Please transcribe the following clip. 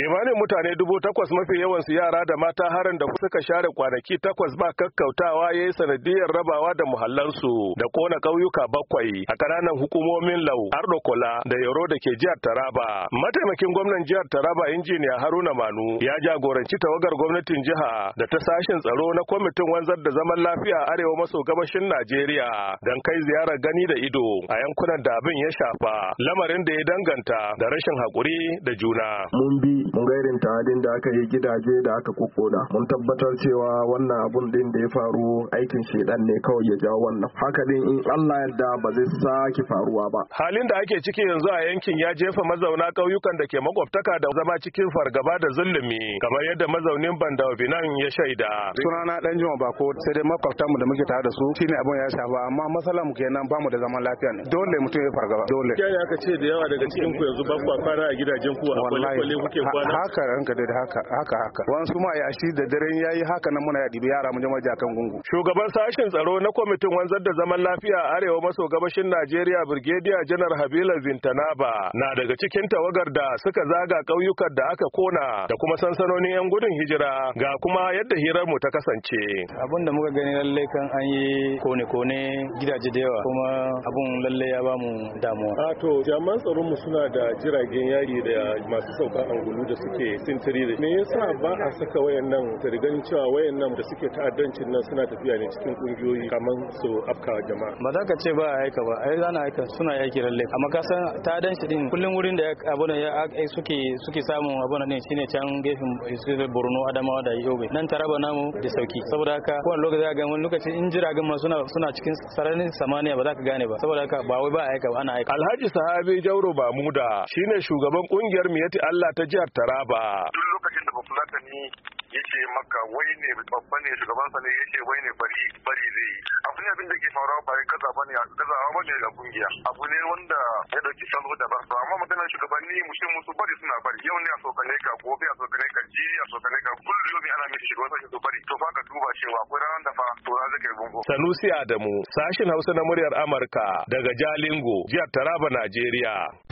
Kimanin mutane dubu takwas mafi yawansu yara da mata harin da suka share kwanaki takwas ba kakkautawa ya yi sanadiyar rabawa da muhallansu da kona ƙauyuka bakwai a ƙananan hukumomin lau ardokola da yaro da ke jihar taraba mataimakin gwamnan jihar taraba injiniya haruna manu ya jagoranci tawagar gwamnatin jiha da ta sashen tsaro na kwamitin wanzar da zaman lafiya arewa maso gabashin najeriya don kai ziyarar gani da ido a yankunan da abin ya shafa lamarin da ya danganta da rashin haƙuri da juna. Mun bi mun ga irin ta'adin da aka yi gidaje da aka kukkuda mun tabbatar cewa wannan abun din da ya faru aikin shedan ne kawai ya jawo wannan haka din in Allah yarda ba zai sake faruwa ba halin da ake ciki yanzu a yankin ya jefa mazauna ƙauyukan da ke makwabtaka da zama cikin fargaba da zulumi kamar yadda mazaunin banda Binan ya shaida sunana dan Juma ko sai dai makwabtanmu da muke tare da su shine abun ya shafa amma masalan mu kenan mu da zaman lafiya ne dole mutum ya fargaba dole kiyaye aka ce da yawa daga cikin ku yanzu ba ku fara a gidajen ku a kwalle kwalle kuke haka ka da haka haka haka su ma ya shi da daren yayi haka nan muna dibi yara mun jama'a jakan gungu shugaban sashin tsaro na kwamitin wanzar da zaman lafiya a arewa maso gabashin Najeriya Brigadier Janar Habila Zintanaba na daga cikin tawagar da suka zaga ƙauyukan da aka kona da kuma sansanonin yan gudun hijira ga kuma yadda hirar mu ta kasance abin da muka gani lallai kan an yi kone-kone gidaje da yawa kuma abun lalle ya bamu damuwa a to jami'an tsaron mu suna da jiragen yari da masu saukan angulu al'adu da suke sintiri da me yasa ba a saka wayan nan wayannan rigan cewa wayan nan da suke ta'addancin nan suna tafiya ne cikin kungiyoyi kamar su afka jama'a ba za ka ce ba a aika ba ai zana aika suna yaki lalle amma ka san ta'addanci din kullun wurin da abuna ya ai suke suke samun abuna ne shine can gefen Borno Adamawa da Yobe nan taraba namu da sauki saboda haka kowane lokaci ga wani lokaci in jiragen ma suna suna cikin sararin samaniya ba za ka gane ba saboda haka ba wai ba aika ba ana aika Alhaji Sahabi Jauro Bamuda shine shugaban kungiyar Miyati Allah ta jihar Taraba. Duk lokacin da Bafula ta Bafulatani ya ce maka wai ne babba ne shugaban sa ne ya ce wai ne bari bari zai yi. Abu ne abin da ke faruwa ba ya gaza ba ne a gaza ba ne ga kungiya. Abu ne wanda ya dauki salo da barsa amma maganar shugabanni mushin musu bari suna bari yau ne a sokane ka gobe a sokane ka ji a sokane ka kullum yau ana mishi shugaban sashi su bari to fa ka duba cewa akwai ranar da fa to za zai yi bungo. Sanusi Adamu sashin Hausa na muryar Amurka daga Jalingo jihar Taraba Najeriya.